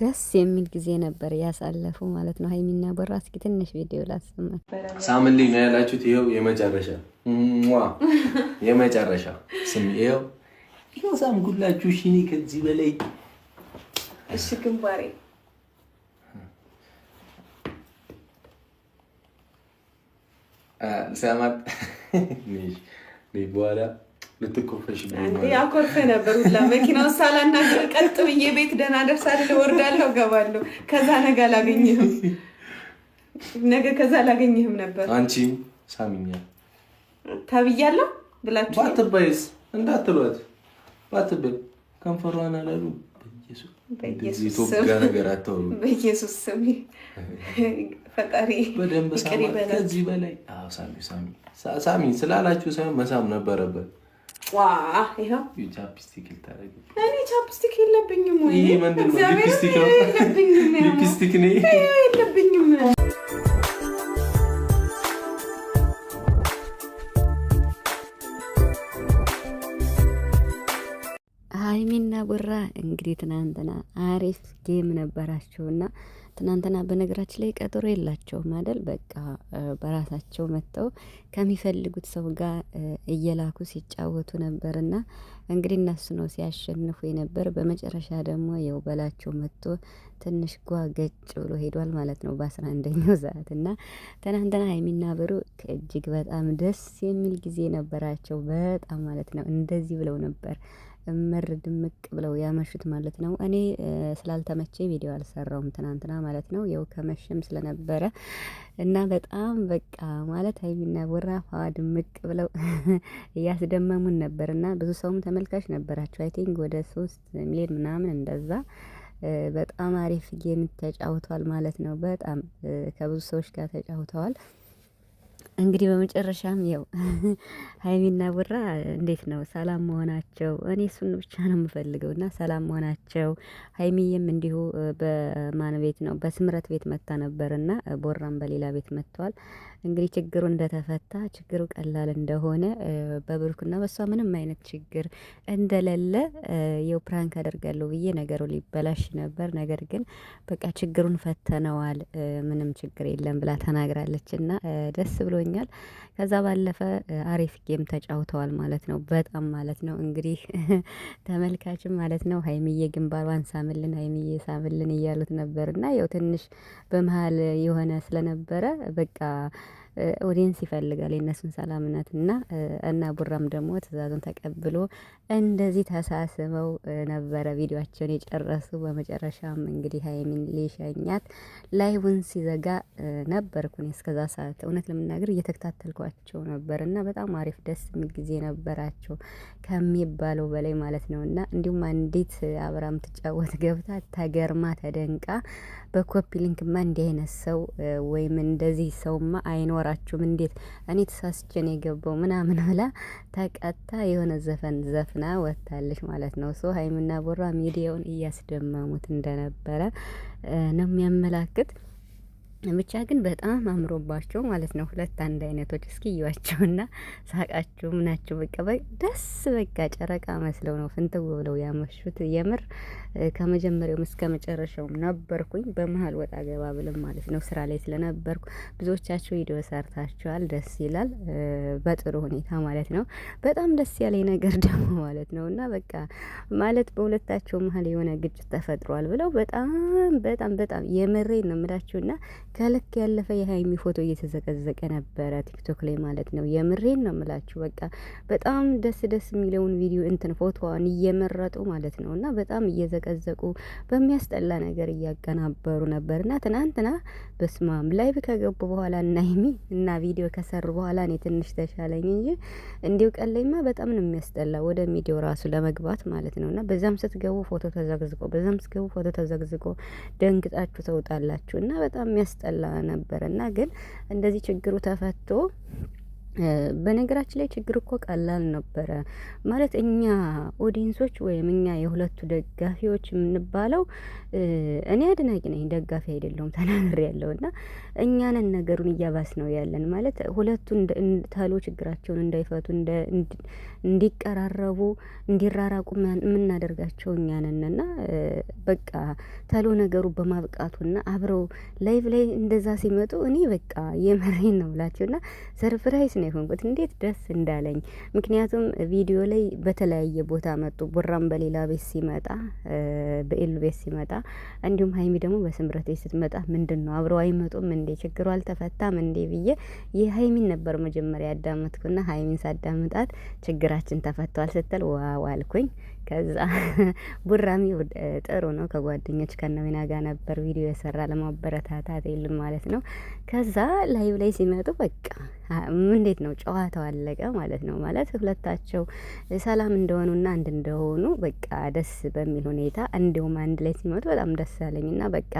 ደስ የሚል ጊዜ ነበር ያሳለፉ ማለት ነው። ሀይሚና ቦራ እስኪ ትንሽ ቪዲዮ ላሰማ። ሳምንት ላይ ነው ያላችሁት። ይኸው የመጨረሻ የመጨረሻ ስም ይኸው ይኸው ሳምኩላችሁ። እሺ እኔ ከዚህ በላይ እሺ ግንባሬ ሰማት በኋላ ልትኮፈሽ አኮርፈ ነበር ሁላ መኪናውን ሳላናግር ቀጥ ብዬ ቤት ደህና ደርሳለሁ፣ ገባለሁ። ከዛ ነገ አላገኝህም፣ ነገ ከዛ ነበር። አንቺም ሳሚኛ ብላችሁ ባትባይስ እንዳትሏት ከንፈሯን አላሉ ኢትዮጵያ ነገር አታወሩ። በኢየሱስ ስም ፈጣሪ በደንብ ከዚህ በላይ ሳሚ ሳሚ ስላላችሁ ሳይሆን መሳም ነበረበት። ይኸው ቻፕስቲክ ልታደርግ እኔ ቻፕስቲክ የለብኝም ወይ? የለብኝም። ሀይሚና ቡራ እንግዲህ ትናንትና አሪፍ ጌም ነበራቸውና ትናንትና በነገራችን ላይ ቀጠሮ የላቸውም አይደል? በቃ በራሳቸው መጥተው ከሚፈልጉት ሰው ጋር እየላኩ ሲጫወቱ ነበርና እንግዲህ እነሱ ነው ሲያሸንፉ የነበር። በመጨረሻ ደግሞ የው በላቸው መጥቶ ትንሽ ጓገጭ ብሎ ሄዷል ማለት ነው በአስራ አንደኛው ሰዓት እና ትናንትና የሚናበሩ እጅግ በጣም ደስ የሚል ጊዜ ነበራቸው። በጣም ማለት ነው እንደዚህ ብለው ነበር እምር ድምቅ ብለው ያመሹት ማለት ነው። እኔ ስላልተመቼ ቪዲዮ አልሰራውም ትናንትና ማለት ነው። የው ከመሸም ስለነበረ እና በጣም በቃ ማለት ሀይሚና ቦራ ፋዋ ድምቅ ብለው እያስደመሙን ነበር እና ብዙ ሰውም ተመልካች ነበራቸው። አይ ቲንክ ወደ ሶስት ሚሊዮን ምናምን እንደዛ በጣም አሪፍ ጌም ተጫውተዋል ማለት ነው። በጣም ከብዙ ሰዎች ጋር ተጫውተዋል። እንግዲህ በመጨረሻም ያው ሀይሚና ቡራ እንዴት ነው ሰላም መሆናቸው? እኔ እሱን ብቻ ነው የምፈልገው እና ሰላም መሆናቸው። ሀይሚዬም እንዲሁ በማን ቤት ነው በስምረት ቤት መታ ነበር እና ቦራም በሌላ ቤት መጥተዋል። እንግዲህ ችግሩ እንደተፈታ ችግሩ ቀላል እንደሆነ በብሩክና በሷ ምንም አይነት ችግር እንደሌለ የው ፕራንክ አደርጋለሁ ብዬ ነገሩ ሊበላሽ ነበር። ነገር ግን በቃ ችግሩን ፈተነዋል፣ ምንም ችግር የለም ብላ ተናግራለች እና ደስ ብሎ ነግሮኛል። ከዛ ባለፈ አሪፍ ጌም ተጫውተዋል ማለት ነው። በጣም ማለት ነው እንግዲህ ተመልካችም ማለት ነው ሀይሚዬ ግንባሯን ሳምልን፣ ሀይሚዬ ሳምልን እያሉት ነበር እና ያው ትንሽ በመሀል የሆነ ስለነበረ በቃ ኦዲየንስ ይፈልጋል የእነሱን ሰላምነት እና እና ቡራም ደግሞ ትእዛዙን ተቀብሎ እንደዚህ ተሳስበው ነበረ ቪዲዮቸውን የጨረሱ። በመጨረሻም እንግዲህ ሀይሚን ሊሸኛት ላይቡን ሲዘጋ ነበርኩን እስከዛ ሰዓት እውነት ለመናገር እየተከታተልኳቸው ነበር እና በጣም አሪፍ ደስ የሚል ጊዜ ነበራቸው ከሚባለው በላይ ማለት ነው። እና እንዲሁም አንዲት አብራም ትጫወት ገብታ ተገርማ ተደንቃ በኮፒ ሊንክማ እንዲህ አይነት ሰው ወይም እንደዚህ ሰውማ አይኖር አላወራችሁም እንዴት እኔ ነው የገባው ምናምን ብላ ተቀጣ የሆነ ዘፈን ዘፍና ወጥታለች ማለት ነው። ሶ ሀይሚና ቦራ ሚዲያውን እያስደመሙት እንደነበረ ነው የሚያመላክት። ብቻ ግን በጣም አምሮባቸው ማለት ነው። ሁለት አንድ አይነቶች እስኪ እዩዋቸውና ሳቃችሁ ምናችሁ በቃ ደስ በቃ ጨረቃ መስለው ነው ፍንትው ብለው ያመሹት። የምር ከመጀመሪያውም እስከ መጨረሻውም ነበርኩኝ። በመሀል ወጣ ገባ ብልም ማለት ነው ስራ ላይ ስለነበርኩ ብዙዎቻችሁ ቪዲዮ ሰርታችኋል። ደስ ይላል፣ በጥሩ ሁኔታ ማለት ነው። በጣም ደስ ያለኝ ነገር ደግሞ ማለት ነው እና በቃ ማለት በሁለታቸው መሀል የሆነ ግጭት ተፈጥሯል ብለው በጣም በጣም በጣም የምሬ ነው የምላችሁና ከልክ ያለፈ የሀይሚ ፎቶ እየተዘቀዘቀ ነበረ ቲክቶክ ላይ ማለት ነው። የምሬን ነው የምላችሁ። በቃ በጣም ደስ ደስ የሚለውን ቪዲዮ እንትን ፎቶዋን እየመረጡ ማለት ነው እና በጣም እየዘቀዘቁ በሚያስጠላ ነገር እያቀናበሩ ነበር እና ትናንትና በስማም ላይቭ ከገቡ በኋላ እና ሀይሚ እና ቪዲዮ ከሰሩ በኋላ እኔ ትንሽ ተሻለኝ እንጂ እንዲሁ ቀለይማ በጣም ነው የሚያስጠላ ወደ ሚዲያው ራሱ ለመግባት ማለት ነው እና በዛም ስትገቡ ፎቶ ተዘግዝቆ፣ በዛም ስትገቡ ፎቶ ተዘግዝቆ ደንግጣችሁ ተውጣላችሁ እና በጣም የሚያስ የሚያስጠላ ነበርና ግን እንደዚህ ችግሩ ተፈቶ በነገራችን ላይ ችግር እኮ ቀላል ነበረ ማለት እኛ ኦዲንሶች ወይም እኛ የሁለቱ ደጋፊዎች የምንባለው እኔ አድናቂ ነኝ፣ ደጋፊ አይደለሁም ተናግሬ ያለው እና እኛንን ነገሩን እያባስ ነው ያለን ማለት ሁለቱ ተሎ ችግራቸውን እንዳይፈቱ እንዲቀራረቡ፣ እንዲራራቁ የምናደርጋቸው እኛንን እና በቃ ተሎ ነገሩ በማብቃቱና አብረው ላይቭ ላይ እንደዛ ሲመጡ እኔ በቃ የመሬን ነው ብላቸው እና ሰርፕራይዝ ነው የሆንኩት። እንዴት ደስ እንዳለኝ ምክንያቱም ቪዲዮ ላይ በተለያየ ቦታ መጡ። ቡራም በሌላ ቤት ሲመጣ፣ በኤሉ ቤት ሲመጣ፣ እንዲሁም ሀይሚ ደግሞ በስምረት ቤት ስትመጣ ምንድን ነው አብረው አይመጡም እንዴ? ችግሩ አልተፈታም እንዴ ብዬ ሀይሚን ነበር መጀመሪያ ያዳመጥኩና ሀይሚን ሳዳምጣት ችግራችን ተፈቷል ስትል ዋው አልኩኝ። ከዛ ቡራሚ ጥሩ ነው። ከጓደኞች ከነዊና ጋር ነበር ቪዲዮ የሰራ ለማበረታታት የሉን ማለት ነው። ከዛ ላይቭ ላይ ሲመጡ በቃ እንዴት ነው ጨዋታው አለቀ ማለት ነው። ማለት ሁለታቸው ሰላም እንደሆኑና አንድ እንደሆኑ በቃ ደስ በሚል ሁኔታ እንዲሁም አንድ ላይ ሲመጡ በጣም ደስ አለኝና በቃ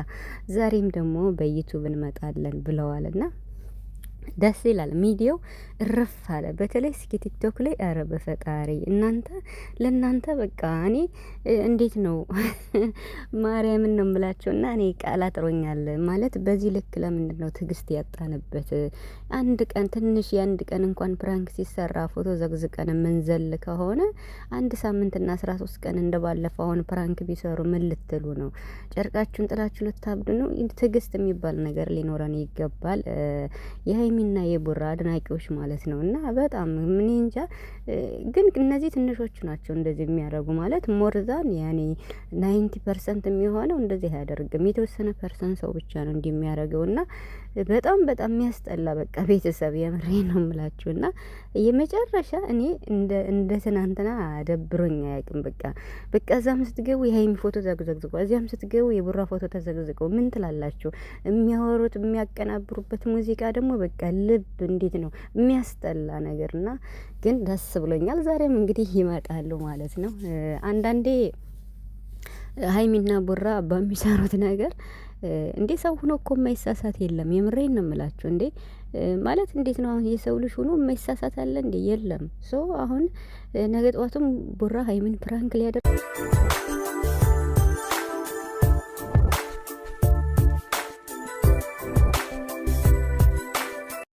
ዛሬም ደግሞ በዩቱብ እንመጣለን ብለዋልና ደስ ይላል። ሚዲያው እረፍ አለ። በተለይ እስኪ ቲክቶክ ላይ አረ በፈጣሪ እናንተ ለእናንተ በቃ እኔ እንዴት ነው ማርያምን ነው የምላቸው እና እኔ ቃል አጥሮኛል ማለት በዚህ ልክ ለምንድን ነው ትዕግስት ያጣንበት? አንድ ቀን ትንሽ የአንድ ቀን እንኳን ፕራንክ ሲሰራ ፎቶ ዘግዝቀን ምንዘል ከሆነ አንድ ሳምንትና አስራ ሶስት ቀን እንደ ባለፈው አሁን ፕራንክ ቢሰሩ ምን ልትሉ ነው? ጨርቃችሁን ጥላችሁ ልታብዱ ነው? ትዕግስት የሚባል ነገር ሊኖረን ይገባል። የሀይሚና የቡራ አድናቂዎች ማለት ነው። እና በጣም ምን እንጃ ግን እነዚህ ትንሾቹ ናቸው እንደዚህ የሚያደርጉ ማለት ሞርዛን ያኔ ናይንቲ ፐርሰንት የሚሆነው እንደዚህ አያደርግም። የተወሰነ ፐርሰንት ሰው ብቻ ነው እንዲህ የሚያደርገው እና በጣም በጣም የሚያስጠላ በቃ ቤተሰብ የምሬ ነው ምላችሁ። እና የመጨረሻ እኔ እንደ ትናንትና ደብሮኝ አያውቅም። በቃ በቃ እዛም ስትገቡ የሀይሚ ፎቶ ተዘግዝቆ፣ እዚያም ስትገቡ የቡራ ፎቶ ተዘግዝቆ ምን ትላላችሁ? የሚያወሩት የሚያቀናብሩበት ሙዚቃ ደግሞ በቃ ያደርጋል። ልብ እንዴት ነው የሚያስጠላ ነገርና ግን ደስ ብሎኛል። ዛሬም እንግዲህ ይመጣሉ ማለት ነው። አንዳንዴ ሀይሚና ቡራ በሚሰሩት ነገር እንዴ ሰው ሁኖ እኮ የማይሳሳት የለም። የምሬ ነው እንዴ ማለት እንዴት ነው አሁን የሰው ልጅ ሆኖ የማይሳሳት አለ እንዴ? የለም። ሶ አሁን ነገ ጠዋቱም ቡራ ሀይሚን ፕራንክ ሊያደርግ